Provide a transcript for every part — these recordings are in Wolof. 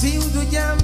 Sildo de amor.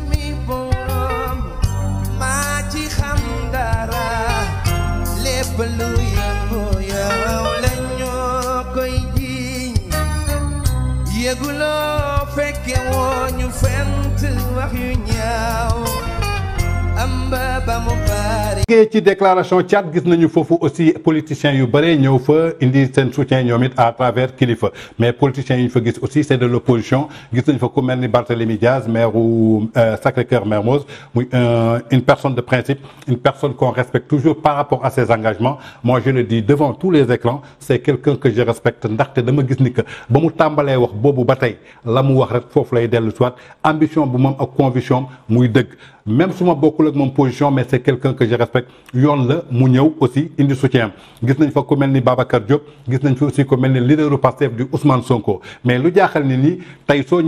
jógee ci déclaration Tchad gis nañu fofu aussi politiciens yu bari ñëw fa indi sen soutien ñomit à travers Kilifeu mais politiciens yi fa gis aussi c'est de l'opposition gis nañu fa ku melni Barthélémy Diaz maire u euh, Sacré-Cœur Mermoz muy euh, une personne de principe une personne qu'on respecte toujours par rapport à ses engagements moi je le dis devant tous les écrans c'est quelqu'un que je respecte ndaxte dama gis ni que ba mu tambalé wax bobu batay lamu wax rek fofu lay dellu soit ambition bu mom ak conviction muy deug même si ma beaucoup ak mon position mais c'est quelqu'un que je respecte yoon la mu il aussi indi soutien gis nañ fa ku mel Babacar Diop gis nañ aussi ku mel leader leaderu Pastef du Ousmane Sonko mais lu jaaxal ni nii tey soo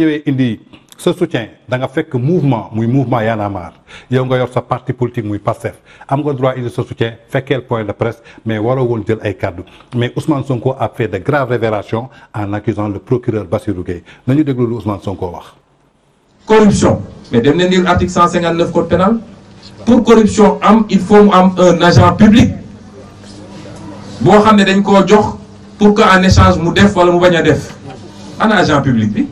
ce soutien da nga fekk mouvement muy mouvement Y'en a marre yow nga yor sa parti politique muy Il am nga droit se sa soutien quel point de presse mais waroo woon ay cadeau. mais Ousmane Sonko a fait de graves révélations en accusant le procureur Bassirou Gueye nañu déglu Ousmane Sonko corruption mais dem l'article article 159 code pénal pour corruption il faut un agent public dañ pour qu'en échange mu def wala mu agent public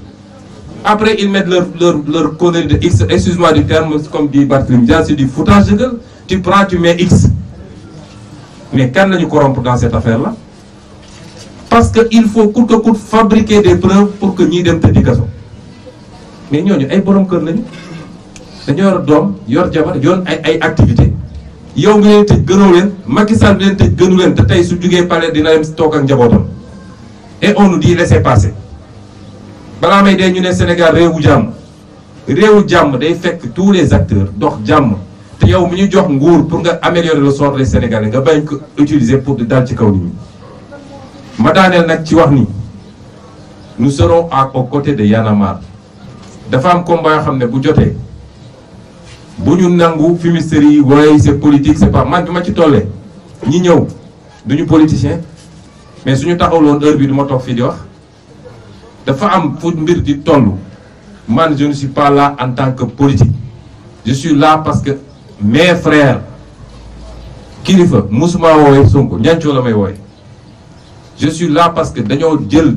après ils mettent leur leur leur de X excuse-moi du terme comme dit Barthélémy c'est du foutage de gueule tu prends tu mets X mais quand que nous corrompre dans cette affaire là parce qu'il faut coûte que coûte fabriquer des preuves pour que nous dem une prédication mais ñooñu ay borom kër lañu dañoo yor doom yor jabar yor ay ay activité yow nga leen tëj gënoo leen Macky Sall leen tëj gënu leen te tey su jugee palais dina dem toog ak njabootam et on nous dit laissez passer balaa may dee ñu ne Sénégal réewu jàmm réewu jàmm day fekk tous les acteurs dox jàmm te yow mi ñu jox nguur pour nga améliorer le sort des Sénégalais nga bañ ko utiliser pour di dal ci kaw nit ñi ma daaneel nag ci wax ni nous serons à aux côtés de Yanamar dafa am combat yoo xam ne bu jotee bu ñu nangu fi yi waaye c'est politique c'est pas man bi ma ci tollee ñi ñëw duñu politicien mais suñu taxawloon heure bi du ma toog fii di wax dafa am fu mbir di toll man je ne suis pas là en tant que politique je suis là parce que mes frères kilifa musma woowee Sonko ñancoo la may je suis là parce que dañoo jël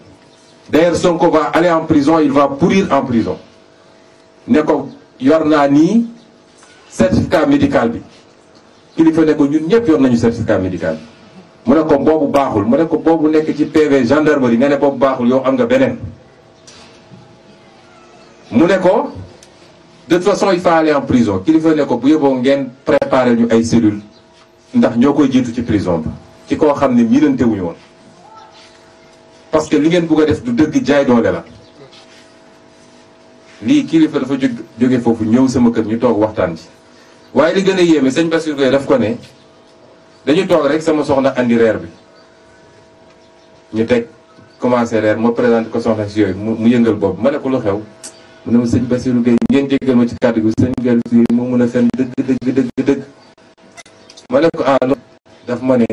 D'ailleurs, Sonko va aller en prison, il va pourrir en prison. ne ko yor naa certificat médical bi kilifa ne ko ñun ñep yor nañu certificat médical mu ne ko boobu baaxul mu ne ko boobu nekk ci PV gendarmerie nga ne boobu baaxul yow am nga benen. mu ne ko de toute façon il faut aller en prison kilifa ne ko bu yóbboo ngeen préparer ñu ay cellule ndax ñoo koy ci prison ba. ci ko xamni mi miinante wuñu woon. parce que li ngeen bëgg a def du dëgg jaay doole la lii kilifa dafa jóg jóge foofu ñëw sama kër ñu toog waxtaan ci waaye li gën a yéeme sëñ Bassirou Gueye daf ko ne dañu toog rek sama soxna andi reer bi ñu teg commencé reer moo présenté ko soxna si yooyu mu yëngal boobu ma ne ko lu xew mu ne ma sëñ Bassirou Gueye ngeen jéggal ma ci kàddu gi sëñ Bassirou Gueye moo mën a seen dëgg dëgg dëgg dëgg ma ne ko ah daf ma ne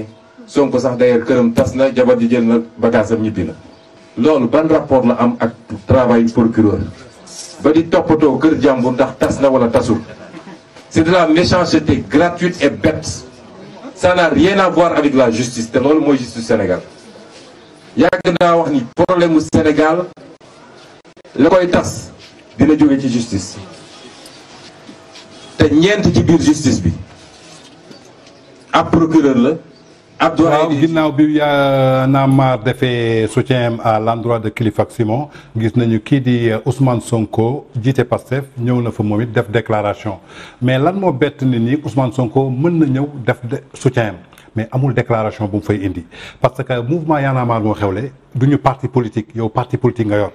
Sonko sax d'ailleurs këram tas na jabar ji jël na bagage am ñibbi na loolu ban rapport la am ak travail procureur ba di toppatoo kër jàmbur ndax tas na wala tasul c'est de la méchanceté gratuite et bête ça n'a rien à voir avec la justice te loolu mooy justice Sénégal yàgg naa wax ni problème Sénégal la koy tas dina jóge ci justice te ñeent ci biir justice bi ab procureur la waaw ginnaaw bi yaa euh, Naamar defee soutien à l'endroit de Kilifeu ak Simon gis nañu kii di euh, Ousmane Sonko jiite Pastef ñëw na fa moom def déclaration mais lan moo bett nit Ousmane Sonko nous na ñëw def soutien mais amul déclaration bu mu fay indi parce que mouvement Y'en a marre moo parti politique yow parti politique nga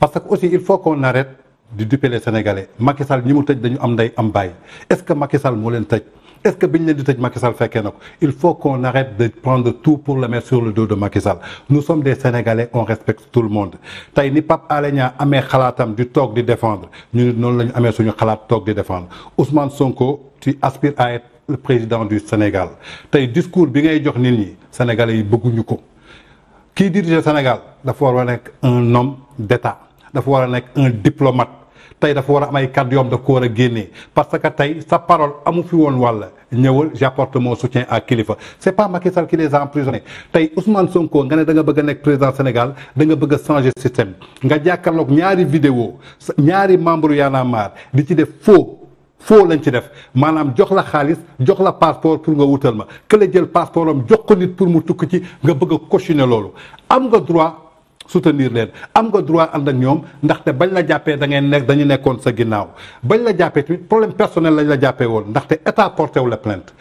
parce que aussi il faut qu'on arrête de duper les Sénégalais Macky Sall ñi mu tëj dañu am ndey am bàyyi est-ce que Macky Sall moo leen tëj est-ce que Macky Sall il faut qu'on arrête de prendre tout pour la mettre sur le dos de Macky Sall nous sommes des Sénégalais on respecte tout le monde tay ni Pape Alé amé khalatam du di di défendre Nous non, la ñu Khalat suñu de défendre Ousmane Sonko tu aspires à être le président du Sénégal Taï discours bi ngay jox nit Sénégalais yi bëgguñu ko Qui dirige Sénégal D'abord war un homme d'État D'abord un diplomate tay dafa war a am ay kàddu yoom da ko war a génnee parce que tay sa parole amu fi woon wàll ñëwal j'apporte mon soutien à Kilifeu c'est pas Macky Sall qui les a emprisonné tey Ousmane Sonko nga ne da nga bëgg a nekk président Sénégal da nga bëgg a changer système nga jàkkaarloog ñaari vidéo ñaari membre Y'en a marre di ci def faux faux lañ ci def maanaam jox la xaalis jox la passeport pour nga wutal ma kële jël passeport am jox ko nit pour mu tukki ci nga bëgg a cautionner loolu am nga droit soutenir leen am nga droit ànd ak ñoom ndaxte bañ la jàppee da ngeen nekk dañu nekkoon sa ginnaaw bañ la jàppee tamit problème personnel lañu la jàppee woon ndaxte état porté wu la plainte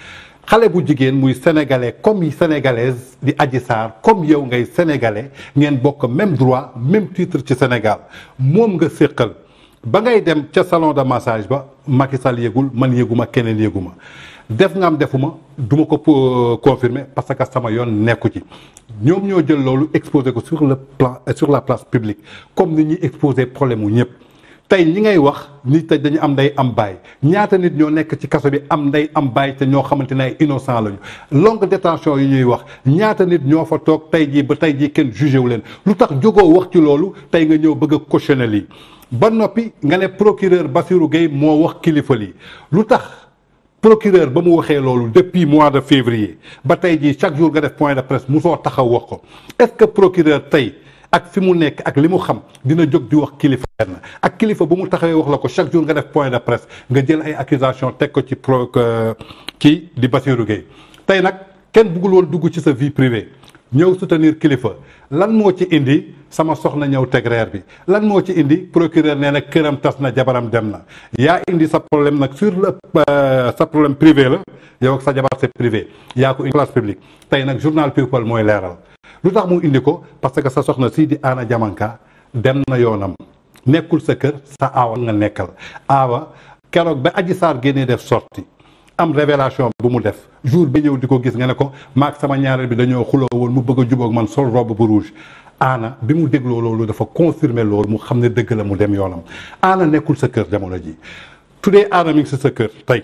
xale bu jigéen muy sénégalais comme yi sénégalaise di aji Sarr comme yow ngay sénégalais ngeen bokk même droit même titre ci Sénégal moom nga séqal ba ngay dem ca salon de massage ba Macky Sall yëgul man yëguma keneen yëguma def nga am defuma du ko euh, confirmer parce que sama yoon nekuti. ci ñoom ñoo jël expose ko sur le plan euh, sur la place publique comme ni ñuy problème wu Tay tey ñi ngay wax ni tay dañu am nday am baay ñaata nit ñoo nekk ci kaso bi am nday am te innocent lañu longue détention yi ñuy wax ni nit ñoo fa toog tay jii ba tey jii kenn jugé wu leen lu tax wax ci loolu tey nga ñëw bëgg a ba nga le procureur Bassirou Gueye mo wax kilifa Lutak procureur ba waxé lolou depuis mois de février ba tay ji chaque jour nga def point de presse muso taxaw wax ko est-ce que procureur tay ak fimu nek ak limu xam dina jog di wax kilifa benn ak kilifa bu mu wax lako chaque jour nga def point de presse nga jël ay accusation tek ko ci pro ci euh, di Bassirou gay tay nak ken bëggul woon dugg ci sa vie privée ñëw soutenir kilifa lan moo ci indi sama soxna ñëw teg bi lan moo ci indi procureur nee na këram tas na jabaram dem na yaa indi sa problème nag sur le euh, sa problème privé la yow ak sa jabar c'est privé yaa ko indi place publique tey nag journal People mooy leeral lu tax mu indi ko parce que sa soxna sii di Anna Diamanka dem na yoonam nekkul sa kër sa aawa nga nekkal aawa keroog ba Adji Sarr génnee def sorti am révélation bu mu def jour bi ñëw di ko gis nga ne ko maak sama ñaareel bi dañoo xuloo woon mu bëgg a jubóog man sol robe bu rouge aana bi mu dégloo loolu dafa confirmer loolu mu xam ne dëgg la mu dem yoonam aana nekkul sa kër jamono ji tuddee aana mi ngi si sa kër tey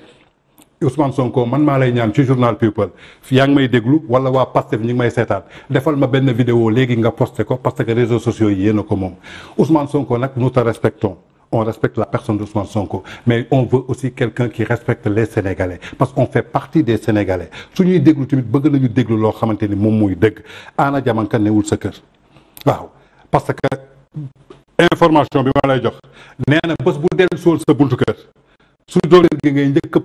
Ousmane Sonko man maa lay ñaan ci journal People yaa ngi may déglu wala waa Pastef ñu ngi may seetaan defal ma benn vidéo léegi nga posté ko parce que réseaux sociaux yi yéen ko moom Ousmane Sonko nag nous te respectons on respecte la personne de Sonko mais on veut aussi quelqu'un qui respecte les Sénégalais parce qu'on fait partie des Sénégalais su ñuy déglu tamit bëgg nañu déglu loo xamante ni moom muy dëgg Anna Diamanka newul sa kër waaw parce que information bi ma lay jox nee na bés bu dellu sool sa buntu kër su dooleel gi ngay njëkk a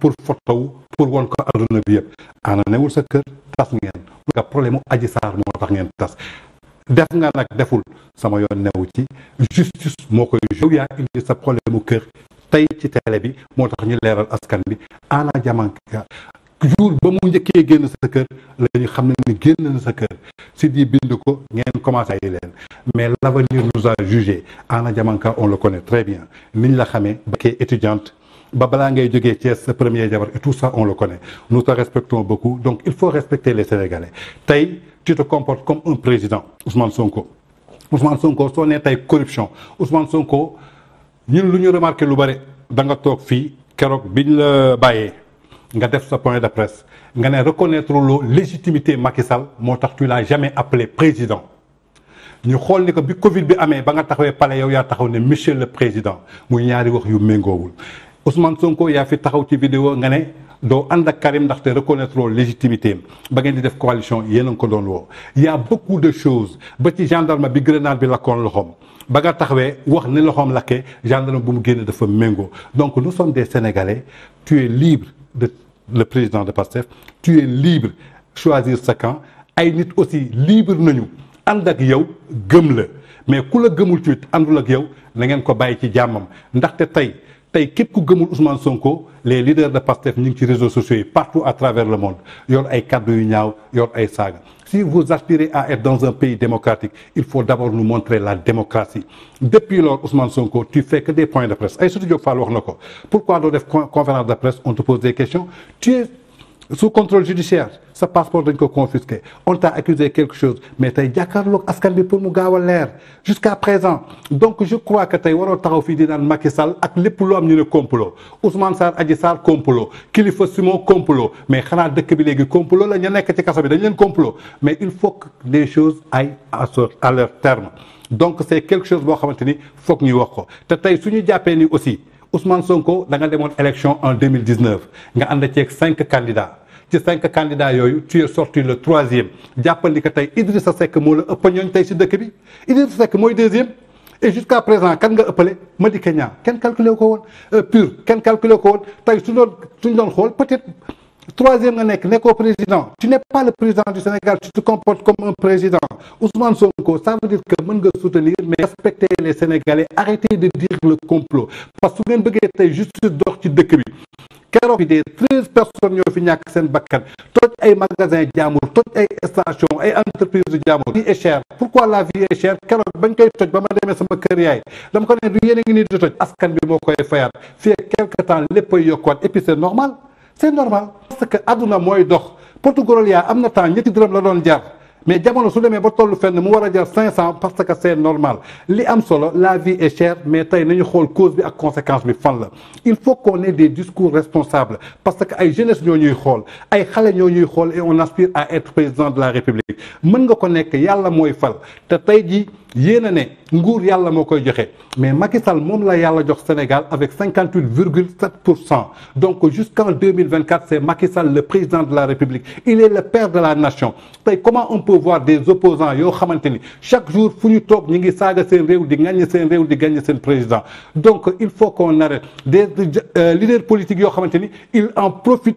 pour photo pour won ko aduna bi yëpp ana newul sa kër tas ngeen nga problème aji Adji Sarr moo tax ngeen tas def nga nak deful sama yoon newu ci justice mokoy koy ya yaa indi sa problème mu kër tey ci télé bi motax ñu leeral askan bi ana Diamanka jour ba mu ñëkke genn sa kër lañu ñu xam ne ni génn na sa kër si di bind ko ngeen commencé ay leen mais l'avenir nous a jugé ana Diamanka on le connaît très bien niñ la xamé ba étudiante ba bala ngay jógee ci sa premier jabar et tout ça on le connaît nous te respectons beaucoup donc il faut respecter les Sénégalais tay tu te comportes comme un président Ousmane Sonko Ousmane Sonko son nee tey corruption Ousmane Sonko nous avons ñu remarqué lu bare da nga toog fii keroog biñ la bàyyee nga def sa point de presse nga ne reconnaître la légitimité Macky Sall moo tax tu jamais appelé président. Nous avons ni que bi Covid bi amee ba nga taxawee palais yow taxaw monsieur le président muy ñaari wax yu méngoowul Ousmane Sonko yaa fi taxaw ci vidéo nga ne do ànd ak Karim te reconnaître loolu légitimité ba ngeen di def coalition yéen a ngi ko doon Il y' a beaucoup de choses ba ci gendarme bi grenade bi kon loxom ba nga taxawee wax ni loxom laké gendarme bu mu génne dafa mengo donc nous sommes des Sénégalais tu es libre de le président de PASTEF tu es libre choisir sa camp ay nit aussi libre nañu ànd ak yow gëm la mais ku gëmul ci àndul ak yow na ngeen ko bàyyi ci ndax te tay tey képp ku gëmul Ousmane Sonko les leaders de Pastef ñu ngi ci réseaux sociaux partout à travers le monde yor ay kàddu yu ñaaw yor ay si vous aspirez à être dans un pays démocratique il faut d'abord nous montrer la démocratie depuis lors Ousmane Sonko tu fais que des points de presse Est-ce Diop Fall wax na pourquoi do def conférence de presse on te pose des questions tu es sous contrôle judiciaire sa passeport dañ ko confisqué on t'a accusé quelque chose mais tey jàkkaarloog askan bi pour mu gaaw a jusqu'à présent donc je crois que tu as taxaw fii di naan Macky Sall ak lépp loo am ñu complot Ousmane Sarr Adji Sarr complot Kilifeu Simon complot mais xanaa dëkk bi léegi complot la ñu nekk ci kaso bi dañ leen complot mais il faut que les choses aillent à leur terme donc c'est quelque chose boo xamante ni foog ñuy wax ko te tey suñu jàppee ni aussi Ousmane Sonko da nga demandé élection en 2019 nga ànd ceeg 5 candidats ci cinq candidats yooyu tu es sorti le troisième jàppal ni que tey Idrissa Seck moo la opinion est tey si dëkk bi Idrissa Seck mooy deuxième et jusqu'à présent kan nga ëppale Madické Niang kenn calculé ko woon euh, pur kenn calculé ko woon tey suñ doon suñ doon xool peut-être troisième nga nekk président tu n'es pas le président du Sénégal tu te comportes comme un président Ousmane Sonko ça veut dire que mën nga soutenir mais respecter les Sénégalais arrêtez de dire le complot parce que su ngeen bëggee tey justice dox ci dëkk bi keroog des treize personnes ñoo fi ñàkk seen bakkan toj ay magasin jaamur toj ay station ay entreprise jaamur vie est chère pourquoi la vie est chère keroog bañ koy toj ba ma demee sama kër yaay dama ko né du yéen a ngi nii di toj askan bi moo koy fayaat fii quelque temps léppay yokkuwaat et puis c'est normal c'est normal parce que aduna moy dox Portugal yaa am temps ñetti dërëm la doon jar mais jamono su demee ba tollu fenn mu wara jar 500 parce que c'est normal li am solo la vie est chère mais tay nañu xol cause bi ak conséquence bi fan la il faut qu'on ait des discours responsables parce que ay jeunesse ñoo ñuy xol ay xalé ñoo ñuy xol et on aspire à être président de la république mën nga ko nek yalla moy fal te tay vie yéen a ne nguur yàlla moo koy joxe mais Macky Sall moom la yàlla jox Sénégal avec cinquante virgule sept pour cent donc jusqu'en deux mille vingt quatre c'est Macky Sall le président de la République il est le père de la nation tey comment on peut voir des opposants yoo xamante ni chaque jour fu ñu toog ñu ngi saaga seen réew di gàññ seen réew di gàññ seen président donc il faut qu'on arrête des euh, leaders politiques yoo xamante ni il en profite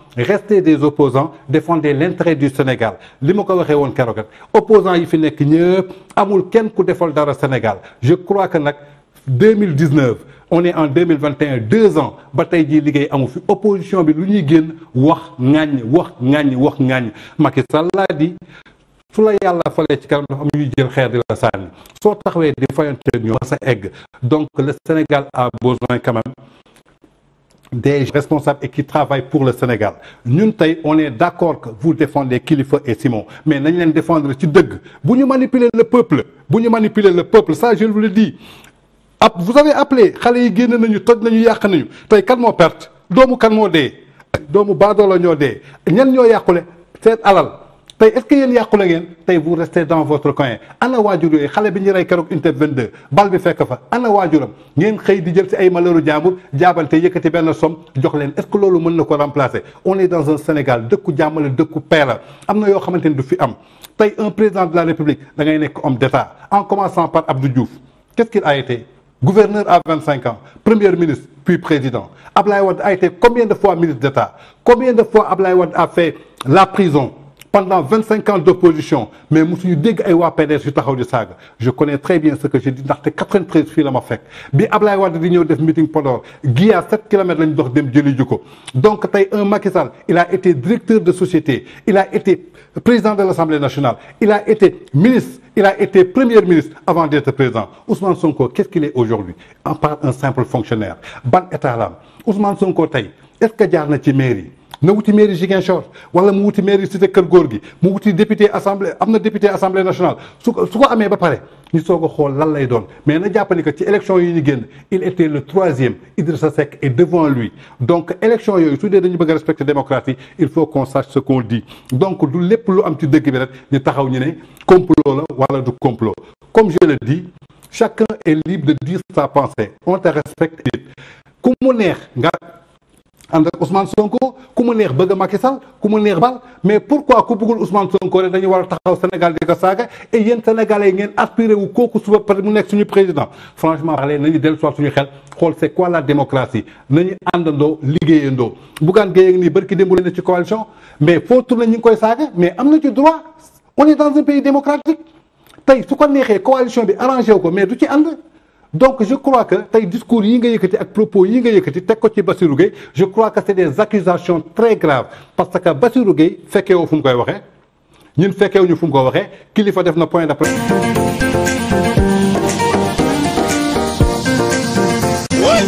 restez des opposants défendez l'intérêt du Sénégal li ma ko waxee opposants yi fi nekk ñëpp amul kenn ku dans le Sénégal je crois que en 2019 on est en 2021 deux ans bataille tey Ligue liggéey amu fi opposition bi lu ñuy génn wax ŋàññ wax ŋàññ wax ŋàññ Macky Sall laa di a la dit falee ci kanam dafa am ñuy jël xeer di la sànni soo taxawee di fayanteeg ñoom sa egg donc le Sénégal a besoin quand même des responsables et qui travaillent pour le Sénégal ñun on est d'accord que vous défendez Kilifeu et Simon mais nous leen défendre ci dëgg bu ñu manipuler le peuple bu ñu manipuler le peuple ça je vous le dis vous avez appelé xale yi génn nañu toj nañu yàq nañu tey kan moo perte doomu kan moo dee doomu baadoola ñoo dee ñan ñoo yàqule seen alal tey est-ce que yéen la ngeen tey vous restez dans votre coin ana waajur yooyu xale bi ñu rey keroog unité 22 bal bi fekk fa ana waajuram ngeen xëy di jël si ay malheuru que jaabal te yëkkati benn somme jox leen est-ce que loolu mën na ko remplacer on est dans un Sénégal dëkku jàmmale dëkku paix la am na yoo xamante ni du fi am tey un président de la République da ngay nekk homme d'État en commençant par Abdou Diouf qu'est-ce qu'il a été gouverneur à 25 ans, premier ministre, puis président. Wade a été combien de fois ministre d'État Combien de fois Wade a fait la prison pendant 25 ans d'opposition mais M. dégg ay PDS je connais très bien ce que j'ai dit ces 93 films la ma Bien bi Ablaye Wade di def meeting Podor Guiya 7 kilomètres dem donc un il a été directeur de société il a été président de l'Assemblée nationale il a été ministre il a été premier ministre avant d'être président Ousmane Sonko qu'est-ce qu'il est aujourd'hui en parle d'un simple fonctionnaire ban état Ousmane Sonko tey est-ce que jarna ci mairie na wuti mairie Ziguinchor wala mu wuti mairie cité keur góor gi mu wuti député assemblée amna député assemblée nationale su ko su ba paré ni soko xol lan lay don mais na jappani ko ci élection yi ñu génn il était le troisième Idrissa Seck est devant lui donc élection yooyu su dee dañu bëgg respecter démocratie il faut qu'on sache ce qu'on dit donc du lepp lu am ci dëgg bi rek ni taxaw ñu né complot la wala du complot comme je le dis chacun est libre de dire sa pensée on te respecte it ku mu neex nga ànd Ousmane Sonko comme mu neex bëgg Macky Sall ku mu neex bal mais pourquoi ku bëggul Ousmane Sonko rek dañu war taxaw Sénégal di ko et yeen Sénégalais yi ngeen aspiré wu kooku suba peut mu nekk suñu président franchement parler nañu del soit suñu xel xol c'est quoi la démocratie nañu àndandoo liggéeyandoo gay ak ni barki démb leen ci coalition mais faut tourné ñu koy saaga mais amna ci droit on est dans un pays démocratique Tay su ko neexee coalition bi arrangé ko mais du ci and donc je crois que tey discours yi nga yëkkati ak propos yi nga yëkkati teg ko ci Bassirou Gueye je crois que c'est des accusations très graves parce que Bassirou Gueye fekkee woo fu mu koy fait ñun fekkee wuñu fu mu ko waxee kilifa def na point de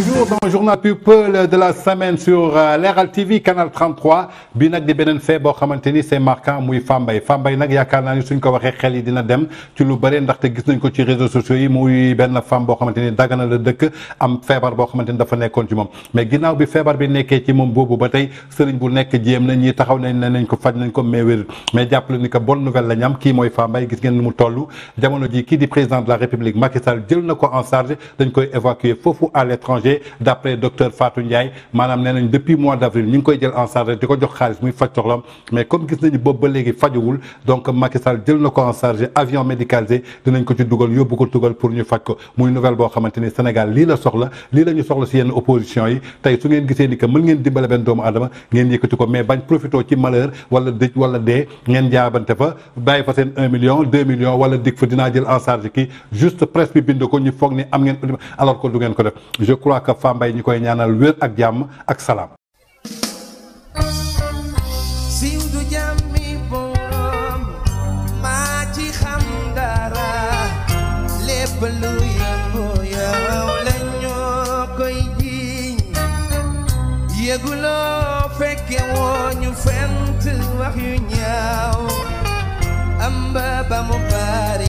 jour dans le journal people de la semaine sur euh, Leral TV canal 33 Binak de Benen fait fee c'est marquant muy Fambay. Fambay, nag yaakaar naa ni suñ ko waxee xel yi dina dem ci lu bëri ndaxte gis nañ ko ci réseaux sociaux yi muy benn femme boo xamante Dagana le dëkk am feebar boo xamante ni dafa nekkoon ci mais ginnaaw bi feebar bi nekkee ci moom boobu ba tey sëriñ bu nekk jéem na ñi taxaw nañ ne nañ ko faj nañ ko mais wér mais jàppale ni que bonne nouvelle la ñu am kii mooy Fambaye gis ngeen qui mu toll jamono ji di président de la République Macky Sall jël na en charge dañ koy évacuer foofu à l'étranger congé D'après après docteur Fatou Ndiaye maanaam nee nañ depuis mois d'avril, avril ñu ngi koy jël en charge di ko jox xaalis muy faj soxlam mais comme gis nañu boobu ba léegi fajuwul donc Macky Sall jël na ko en charge avion médicalisé dinañ ko ci dugal yóbbu ko tugal pour ñu faj ko muy nouvelle boo xamante ni Sénégal li la soxla li la ñu soxla ci yenn opposition yi tay su ngeen gisee ni que mën ngeen dimbalé ben doomu adama ngeen yëkkati ko mais bañ profito ci malheur wala dëj wala dé ngeen jaabante fa bàyyi fa seen 1 million 2 millions wala dik fa dina jël en charge ki juste presse bi bind ko ñu foog ni am ngeen alors que du ngeen ko def crois que Fambaye ñu koy ñaanal wér ak jàmm ak salaam.